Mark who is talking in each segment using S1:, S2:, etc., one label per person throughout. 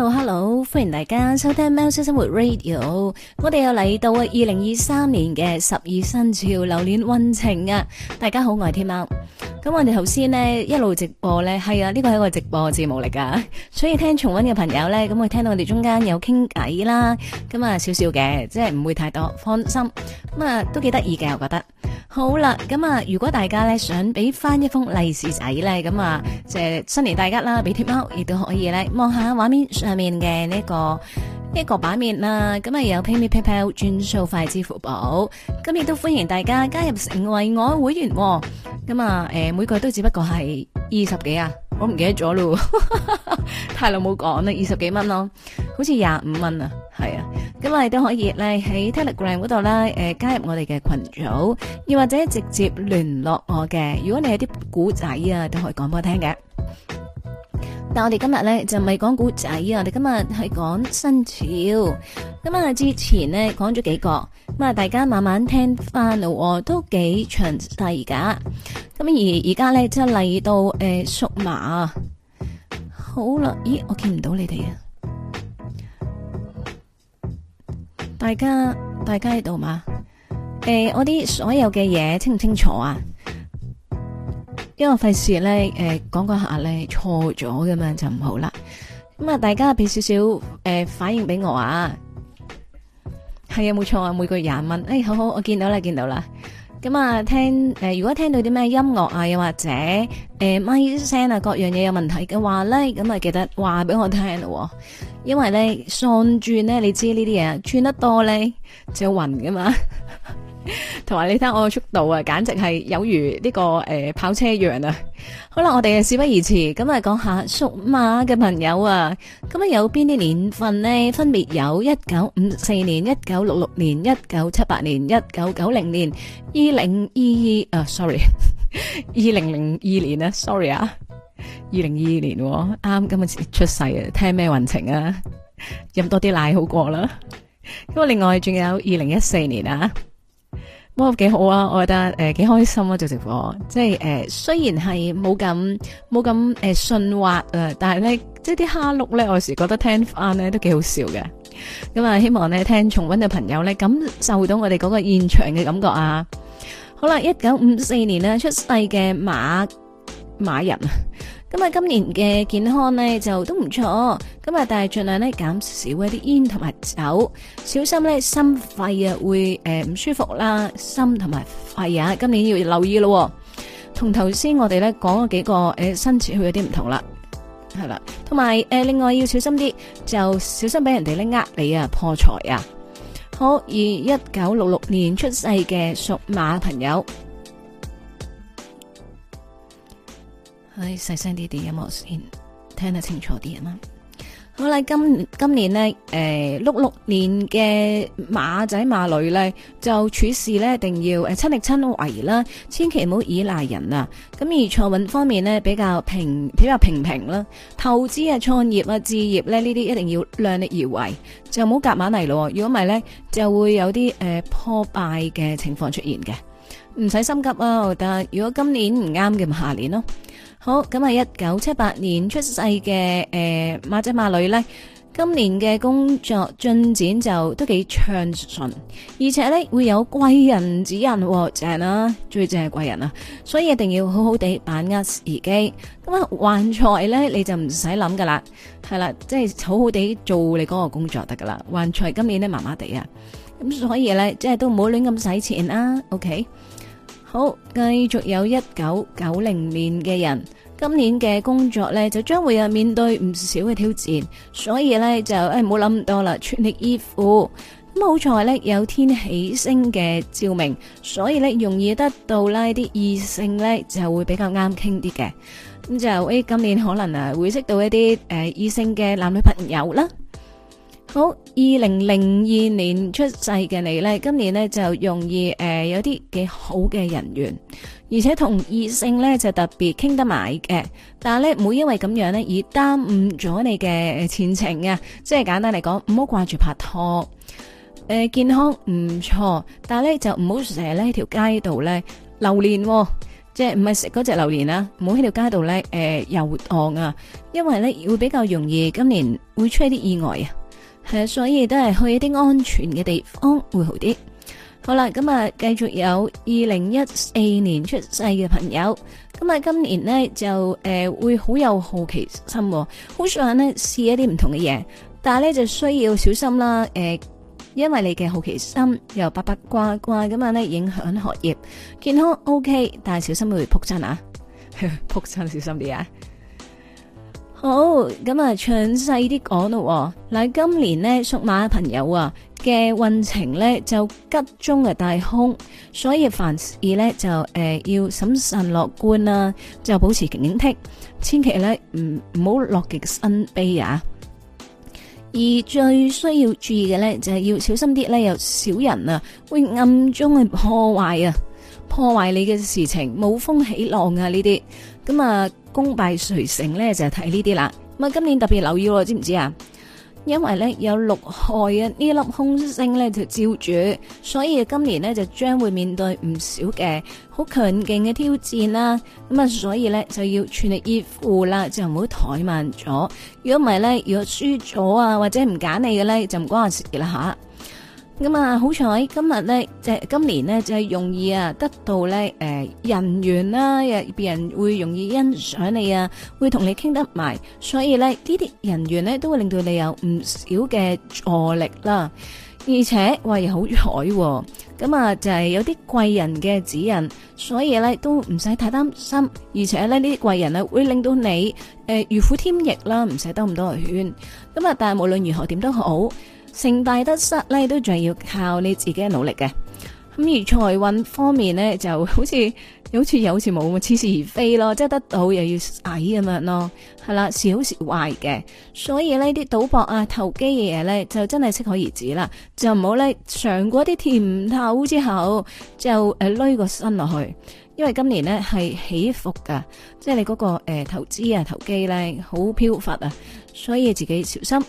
S1: Hello, hello, 歡迎大家收聽喵式生活 radio，我哋又嚟到啊，二零二三年嘅十二生肖流年運程啊！大家好，我係天喵。咁我哋頭先呢一路直播呢，係啊，呢、這個係一個直播節目嚟㗎， 所以聽重溫嘅朋友呢，咁會聽到我哋中間有傾偈啦，咁啊少少嘅，即係唔會太多，放心，咁、嗯、啊都幾得意嘅，我覺得。好啦，咁、嗯、啊如果大家呢想俾翻一封利是仔呢，咁、嗯、啊，即係新年大吉啦，俾天喵亦都可以呢。望下畫面上面嘅呢、這個。一個版面啦，啊，咁啊有 PayMePayPal 轉數快支付寶，咁亦都歡迎大家加入成為我會員。咁啊，誒、嗯、每個都只不過係二十幾啊，我唔記得咗咯， 太耐冇講啦，二十幾蚊咯，好似廿五蚊啊，係啊，咁我哋都可以咧喺 Telegram 嗰度啦，誒加入我哋嘅群組，又或者直接聯絡我嘅，如果你有啲古仔啊，都可以講俾我聽嘅。但我哋今日咧就唔係講古仔，我哋今日係講新潮。咁啊，之前咧講咗幾個，咁啊，大家慢慢聽翻咯，都幾詳細噶。咁而而家咧即係嚟到誒、呃，屬馬。好啦，咦，我見唔到你哋啊！大家，大家喺度嘛？誒、呃，我啲所有嘅嘢清唔清楚啊？因為費事咧，誒講講下咧錯咗嘅嘛就唔好啦。咁啊，大家俾少少誒反應俾我啊。係啊，冇錯啊，每個月廿蚊。誒、哎，好好，我見到啦，見到啦。咁、嗯、啊，聽誒、呃，如果聽到啲咩音樂啊，又或者誒，咪、呃、啲聲啊，各樣嘢有問題嘅話咧，咁啊記得話俾我聽咯、啊。因為咧，上轉咧，你知呢啲嘢轉得多咧就暈噶嘛。同埋你睇我嘅速度啊，簡直係有如呢個誒跑車一樣啊！好啦，我哋事不宜遲，咁啊講下屬馬嘅朋友啊，咁啊有邊啲年份呢？分別有一九五四年、一九六六年、一九七八年、一九九零年、二零二二啊，sorry，二零零二年啊，sorry 啊，二零二二年，啱今日出世啊，聽咩運程啊？飲多啲奶好過啦。咁啊，另外仲有二零一四年啊。幾、哦、好啊！我覺得誒幾、呃、開心啊做直播，即係誒、呃、雖然係冇咁冇咁誒順滑啊，但係咧即係啲蝦碌咧，我有時覺得聽翻咧都幾好笑嘅。咁、嗯、啊，希望咧聽重溫嘅朋友咧，感受到我哋嗰個現場嘅感覺啊。好啦，一九五四年呢，出世嘅馬馬人。 咁啊，今年嘅健康咧就都唔錯，咁啊，但係盡量咧減少一啲煙同埋酒，小心咧心肺啊會誒唔、呃、舒服啦，心同埋肺啊，今年要留意咯，哦。同頭先我哋咧講嗰幾個誒生肖有啲唔同啦，係啦，同埋誒另外要小心啲，就小心俾人哋咧呃你啊破財啊。好，而一九六六年出世嘅屬馬朋友。可以細聲啲啲音樂先，聽得清楚啲啊嘛。好啦，今今年呢，誒六六年嘅馬仔馬女咧，就處事呢一定要誒親力親為啦，千祈唔好依賴人啊。咁而財運方面呢，比較平，比較平平啦。投資啊、創業啊、置業咧呢啲，這些一定要量力而為，就唔好夾硬嚟咯。如果唔係咧，就會有啲誒、呃、破敗嘅情況出現嘅。唔使心急啊，我覺得如果今年唔啱嘅，咪下年咯。好咁啊！一九七八年出世嘅誒馬仔馬女咧，今年嘅工作進展就都幾暢順，而且咧會有貴人指引、哦，就係啦、啊，最正係貴人啊！所以一定要好好地把握時機。咁、嗯、啊，橫財咧你就唔使諗噶啦，係啦，即、就、係、是、好好地做你嗰個工作得噶啦。橫財今年咧麻麻地啊，咁、嗯、所以咧即係都唔好亂咁使錢啦、啊。OK。好，繼續有一九九零年嘅人，今年嘅工作咧就將會啊面對唔少嘅挑戰，所以咧就誒唔好諗咁多啦，全力以赴。咁好彩咧有天喜星嘅照明，所以咧容易得到呢啲異性咧就會比較啱傾啲嘅。咁就誒今年可能啊會識到一啲誒異性嘅男女朋友啦。好，二零零二年出世嘅你呢，今年呢就容易誒、呃、有啲幾好嘅人緣，而且同異性呢就特別傾得埋嘅。但係呢，唔好因為咁樣呢而耽誤咗你嘅前程啊！即係簡單嚟講，唔好掛住拍拖。誒、呃，健康唔錯，但係呢，就唔好成日呢喺條街度呢流連，啊，即係唔係食嗰隻榴蓮啊！唔好喺條街度呢誒遊蕩啊，因為呢會比較容易今年會出一啲意外啊！誒、呃，所以都係去一啲安全嘅地方會好啲。好啦，咁、嗯、啊，繼續有二零一四年出世嘅朋友，咁、嗯、啊、嗯，今年呢，就誒、呃、會好有好奇心，哦，好想咧試一啲唔同嘅嘢，但係咧就需要小心啦。誒、呃，因為你嘅好奇心又八八卦卦咁啊，咧影響學業、健康 OK，但係小心會撲親啊，撲 親小心啲啊！好，咁啊詳細啲講咯。嗱，今年咧屬馬嘅朋友啊嘅運程咧就吉中嘅大凶，所以凡事咧就誒要審慎樂觀啊，就保持警惕，千祈咧唔唔好樂極生悲啊。而最需要注意嘅咧就係要小心啲咧，有小人啊會暗中去破壞啊。破壞你嘅事情，冇風起浪啊！呢啲咁啊，功敗垂成呢，就睇呢啲啦。咁啊，今年特別留意喎，知唔知啊？因為呢有六害啊，呢粒凶星呢就照住，所以今年呢，就將會面對唔少嘅好強勁嘅挑戰啦。咁啊，所以呢，就要全力以赴啦，就唔好怠慢咗。如果唔係呢，如果輸咗啊，或者唔揀你嘅呢，就唔關事啦吓。啊咁啊，好彩今日咧，即係今年咧，就係容易啊，得到咧誒人緣啦，誒，別人會容易欣賞你啊，會同你傾得埋，所以咧呢啲人緣咧都會令到你有唔少嘅助力啦，而且哇又好彩，咁啊就係有啲貴人嘅指引，所以咧都唔使太擔心，而且咧呢啲貴人呢，會令到你誒如虎添翼啦，唔使兜咁多個圈，咁啊但係無論如何點都好。成大得失咧，都仲要靠你自己嘅努力嘅。咁而財運方面咧，就好似好似有，好似冇，似是而非咯，即係得到又要捱咁樣咯，係啦，時好時壞嘅。所以呢啲賭博啊、投機嘅嘢咧，就真係適可而止啦，就唔好咧嘗過啲甜頭之後就誒累個身落去。因為今年呢係起伏噶，即係你嗰、那個誒、呃、投資啊、投機咧好飄忽啊，所以自己小心。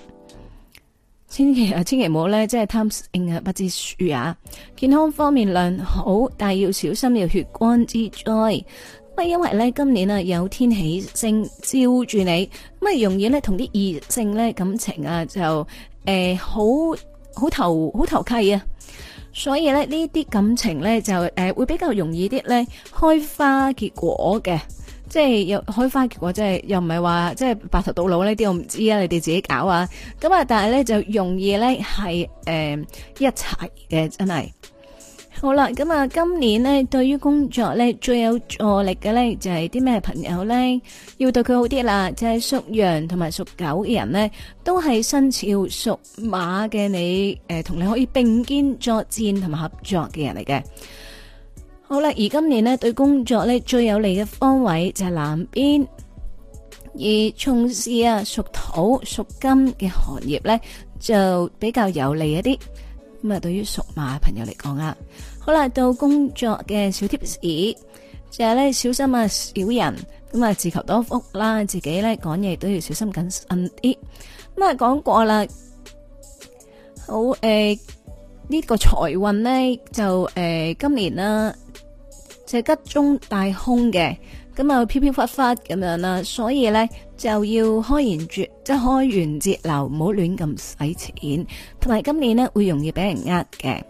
S1: 千祈啊，千祈唔好咧，即係貪勝啊，不知輸啊！健康方面良好，但係要小心有血光之災。咁因為咧今年啊有天喜星照住你，咁容易咧同啲異性咧感情啊就誒好好投好投契啊！所以咧呢啲感情咧就誒會比較容易啲咧開花結果嘅。即係又開花結果，即係又唔係話即係白頭到老呢啲，我唔知啊，你哋自己搞啊。咁啊，但係咧就容易咧係誒一齊嘅，真係。好啦，咁啊，今年咧對於工作咧最有助力嘅咧就係啲咩朋友咧，要對佢好啲啦。就係屬羊同埋屬狗嘅人咧，都係生肖屬馬嘅你同、呃、你可以並肩作戰同埋合作嘅人嚟嘅。好啦，而今年呢對工作呢最有利嘅方位就係南邊，而從事啊屬土、屬金嘅行業呢就比較有利一啲。咁啊，對於屬馬嘅朋友嚟講啦，好啦，到工作嘅小 tips，就係呢小心啊小人，咁啊自求多福啦，自己呢講嘢都要小心謹慎啲。咁啊講過啦，好誒呢個財運呢就誒今年啦。就吉中大空嘅，咁啊飄飄忽忽咁樣啦，所以咧就要開完節，即係開源節流，唔好亂咁使錢，同埋今年咧會容易俾人呃嘅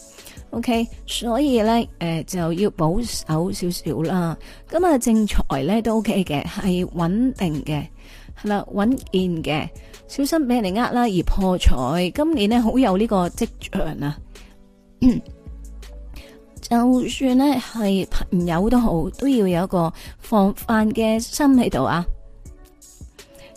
S1: ，OK，所以咧誒就要保守少少啦，咁啊正財咧都 OK 嘅，係穩定嘅，係啦穩健嘅，小心俾人哋呃啦而破財，今年咧好有呢個跡象啊。就算呢係朋友都好，都要有一個防範嘅心喺度啊。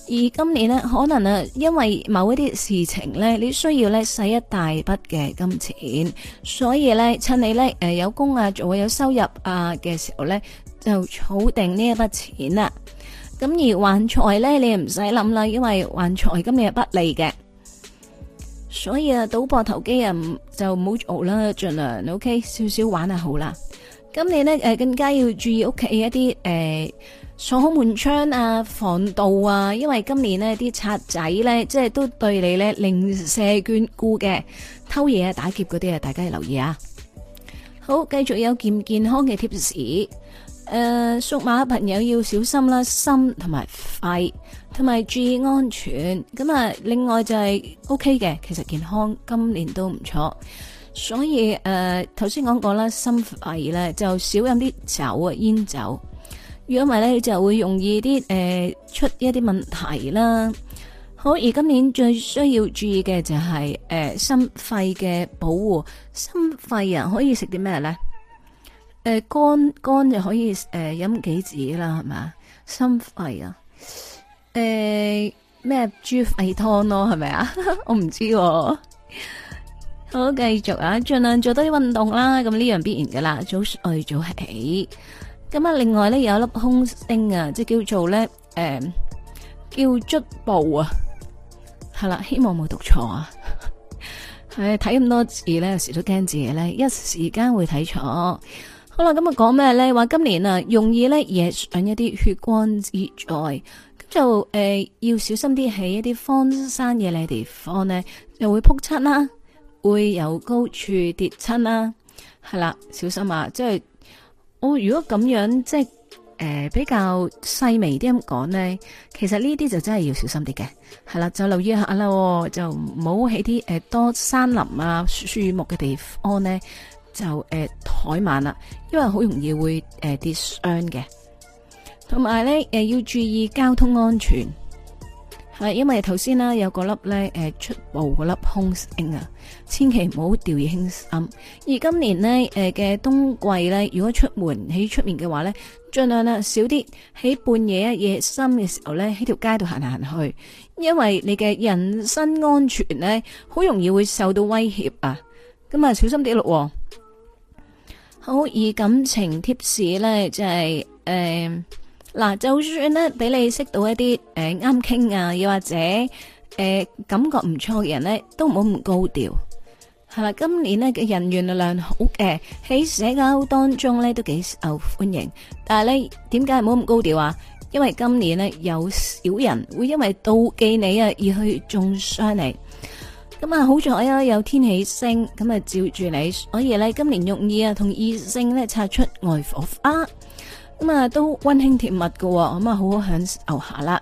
S1: 而今年呢，可能啊，因為某一啲事情呢，你需要呢使一大筆嘅金錢，所以呢，趁你呢誒有工啊，仲會有收入啊嘅時候呢，就儲定呢一筆錢啦。咁而橫財呢，你唔使諗啦，因為橫財今年係不利嘅。所以啊，賭博投機啊，就唔好做啦，盡量，OK，少少玩啊好啦。今年呢，誒，更加要注意屋企一啲誒、呃、鎖好門窗啊、防盜啊，因為今年呢啲賊仔呢，即係都對你呢零舍眷顧嘅偷嘢啊、打劫嗰啲啊，大家要留意啊。好，繼續有健健康嘅 tips。誒、呃，屬馬的朋友要小心啦，心同埋肺，同埋注意安全。咁啊，另外就係 O K 嘅，其實健康今年都唔錯。所以誒，頭先講過啦，心肺咧就少飲啲酒啊，煙酒，如果唔係咧就會容易啲誒、呃、出一啲問題啦。好，而今年最需要注意嘅就係誒心肺嘅保護，心肺啊可以食啲咩咧？誒，肝肝、呃、就可以誒飲杞子啦，係、呃、嘛？心肺啊，誒咩豬肺湯咯，係咪啊？ 我唔知，好繼續啊，盡量多做多啲運動啦。咁呢樣必然噶啦，早睡早起。咁啊，另外咧有一粒凶星啊，即係叫做咧誒、呃、叫卒步啊，係啦，希望冇讀錯啊。係睇咁多字咧，有時都驚自己咧一時間會睇錯。好啦，咁啊講咩咧？話今年啊容易咧惹上一啲血光熱災，咁就誒、呃、要小心啲喺一啲荒山野嶺嘅地方咧，又會扑親啦，會有高處跌親啦，係啦，小心啊！即、就、係、是、我如果咁樣即係誒比較細微啲咁講咧，其實呢啲就真係要小心啲嘅，係啦，就留意下啦，就唔好喺啲誒多山林啊樹木嘅地方咧。就誒怠、呃、慢啦，因為好容易會誒、呃、跌傷嘅，同埋咧誒要注意交通安全，係因為頭先啦有個粒咧誒出暴粒凶星啊，千祈唔好掉以輕心。而今年呢誒嘅、呃、冬季咧，如果出門喺出面嘅話咧，盡量咧少啲喺半夜一夜深嘅時候咧喺條街度行嚟行去，因為你嘅人身安全咧好容易會受到威脅啊，咁啊小心啲咯、哦。好易感情貼士咧，就係誒，嗱，就算咧俾你識到一啲誒啱傾啊，又或者誒感覺唔錯嘅人咧，都唔好咁高調，係咪？今年咧嘅人緣力量好誒，喺社交當中咧都幾受歡迎，但係咧點解唔好咁高調啊？因為今年咧有小人會因為妒忌你啊而去中傷你。咁啊，好彩啊，有天喜星咁啊，照住你，所以咧，今年容易啊，同異性咧擦出愛火花，咁啊，都溫馨甜蜜噶，咁啊，好好享受下啦。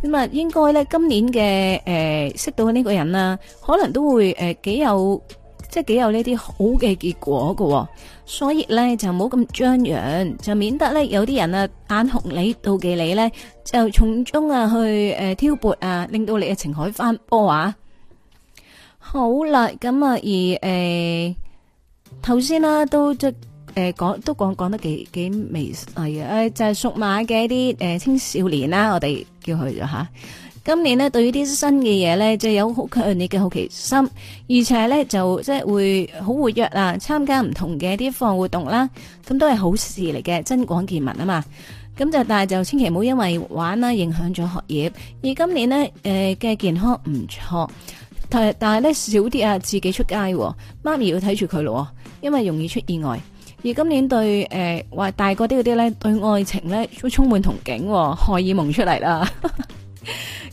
S1: 咁啊，應該咧，今年嘅誒，呃、識到呢個人啊，可能都會誒，幾有即係幾有呢啲好嘅結果噶，所以咧就冇咁張揚，就免得咧有啲人啊眼紅你，妒忌你咧，就從中啊去誒挑撥啊，令到你嘅情海翻波啊！好啦，咁、欸、啊而誒，頭先啦都即誒講都講講得幾幾微細呀，誒、欸、就係、是、屬馬嘅一啲誒、欸、青少年啦、啊，我哋叫佢咗吓。今年呢對於啲新嘅嘢咧，就有好強烈嘅好奇心，而且咧就即係會好活躍啦、啊，參加唔同嘅啲課外活動啦、啊，咁都係好事嚟嘅，增廣見聞啊嘛。咁就但係就千祈唔好因為玩啦影響咗學業。而今年呢，誒、欸、嘅健康唔錯。但係但咧少啲啊，自己出街，媽咪要睇住佢咯，因為容易出意外。而今年對誒話、呃、大個啲嗰啲咧，對愛情咧都充滿憧憬喎。荷爾蒙出嚟啦。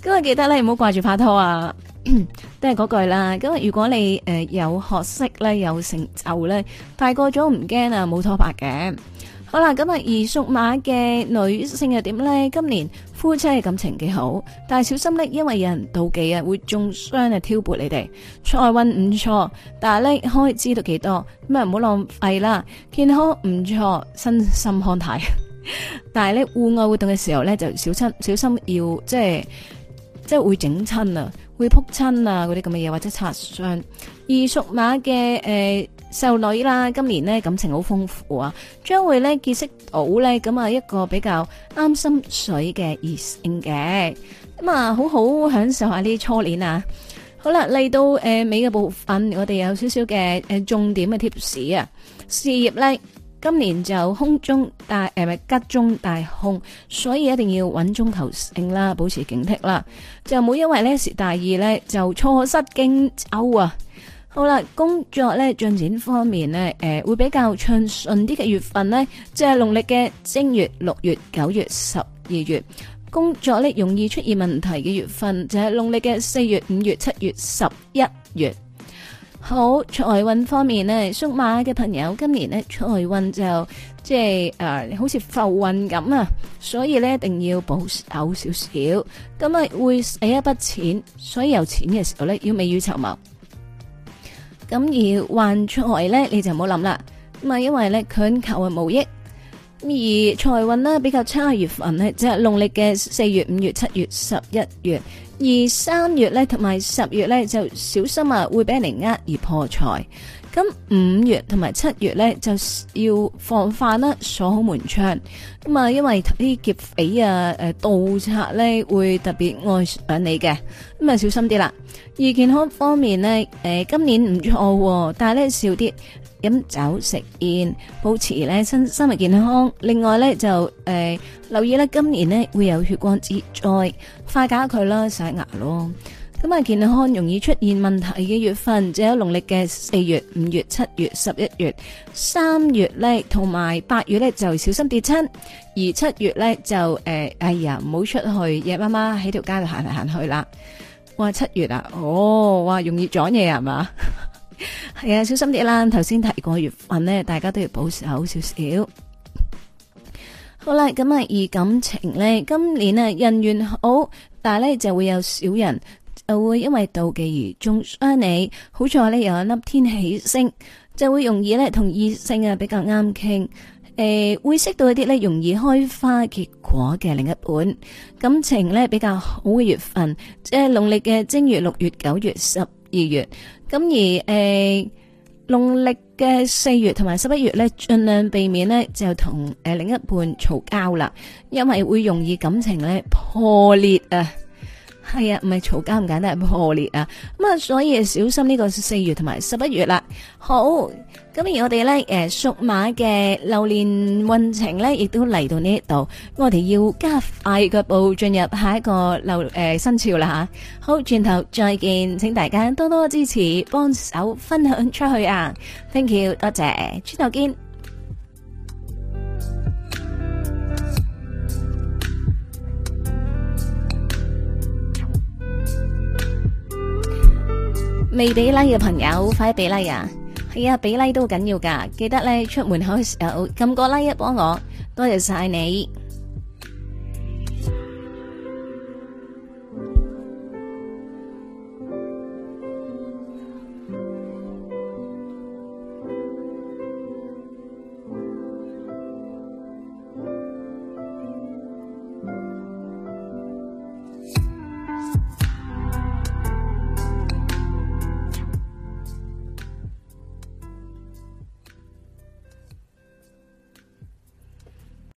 S1: 咁 我記得咧唔好掛住拍拖啊， 都係嗰句啦。咁如果你誒、呃、有學識咧，有成就咧，大個咗唔驚啊，冇拖拍嘅。好啦，咁啊，而屬馬嘅女性又點咧？今年夫妻嘅感情幾好，但係小心咧，因為有人妒忌啊，會中傷啊，挑撥你哋。財運唔錯，但係咧開支都幾多，咁啊唔好浪費啦。健康唔錯，身心康泰， 但係咧戶外活動嘅時候咧就小心，小心要即係即係會整親啊，會撲親啊，嗰啲咁嘅嘢或者擦傷。而屬馬嘅誒。呃壽女啦，今年咧感情好豐富啊，將會咧結識到咧咁啊一個比較啱心水嘅異性嘅，咁啊好好享受下呢啲初戀啊！好啦，嚟到誒尾嘅部分，我哋有少少嘅誒重點嘅 tips 啊，事業咧今年就空中大誒咪吉中大空，所以一定要穩中求勝啦，保持警惕啦，就唔好因為咧時大意咧就錯失荊州啊！好啦，工作咧進展方面咧，誒會比較暢順啲嘅月份呢，就係農曆嘅正月、六月、九月、十二月。工作咧容易出現問題嘅月份就係農曆嘅四月、五月、七月、十一月。好，財運方面呢，屬馬嘅朋友今年呢，財運就即係誒、啊、好似浮運咁啊，所以呢一定要保守少少，咁啊會使一筆錢，所以有錢嘅時候咧要未雨綢繆。咁而患財咧，你就唔好諗啦，咪因為咧，強求啊冇益。而財運啦比較差月份咧，就係農曆嘅四月、五月、七月、十一月，而三月咧同埋十月咧就小心啊，會俾人呃而破財。咁五月同埋七月咧就要防範啦，鎖好門窗。咁啊，因為啲劫匪啊、誒盜賊咧會特別愛上你嘅，咁啊小心啲啦。而健康方面咧，誒、呃、今年唔錯、哦，但係咧少啲飲酒食煙，保持咧身心健康。另外咧就誒、呃、留意咧，今年咧會有血光之災，化解佢啦，洗牙咯。咁啊，健康容易出現問題嘅月份，就有農曆嘅四月、五月、七月、十一月。三月咧，同埋八月咧，就小心跌親。而七月咧，就誒、呃，哎呀，唔好出去夜媽媽喺條街度行嚟行去啦。哇，七月啊，哦，哇，容易撞嘢係嘛，係啊， 小心啲啦。頭先提過月份咧，大家都要保守少少。好啦，咁啊，而感情咧，今年啊，人緣好，但係咧就會有小人。就會因為妒忌而中傷你。好在呢有一粒天喜星，就會容易呢同異性啊比較啱傾。誒，會識到一啲呢容易開花結果嘅另一半，感情呢比較好嘅月份，即係農曆嘅正月、六月、九月、十二月。咁而誒農曆嘅四月同埋十一月呢，盡量避免呢就同誒另一半嘈交啦，因為會容易感情呢破裂啊。係啊，唔係嘈交咁簡單，係破裂啊！咁啊，所以小心呢個四月同埋十一月啦。好，咁而我哋咧，誒，屬馬嘅流年運程咧，亦都嚟到呢一度，我哋要加快腳步進入下一個流誒新潮啦吓。好，轉頭再見，請大家多多支持，幫手分享出去啊！Thank you，多謝，轉頭見。未俾拉嘅朋友快俾拉、like 啊！係啊，俾拉、like 都好緊要噶，記得咧，出門口嘅時候撳個拉一幫我，多謝晒你。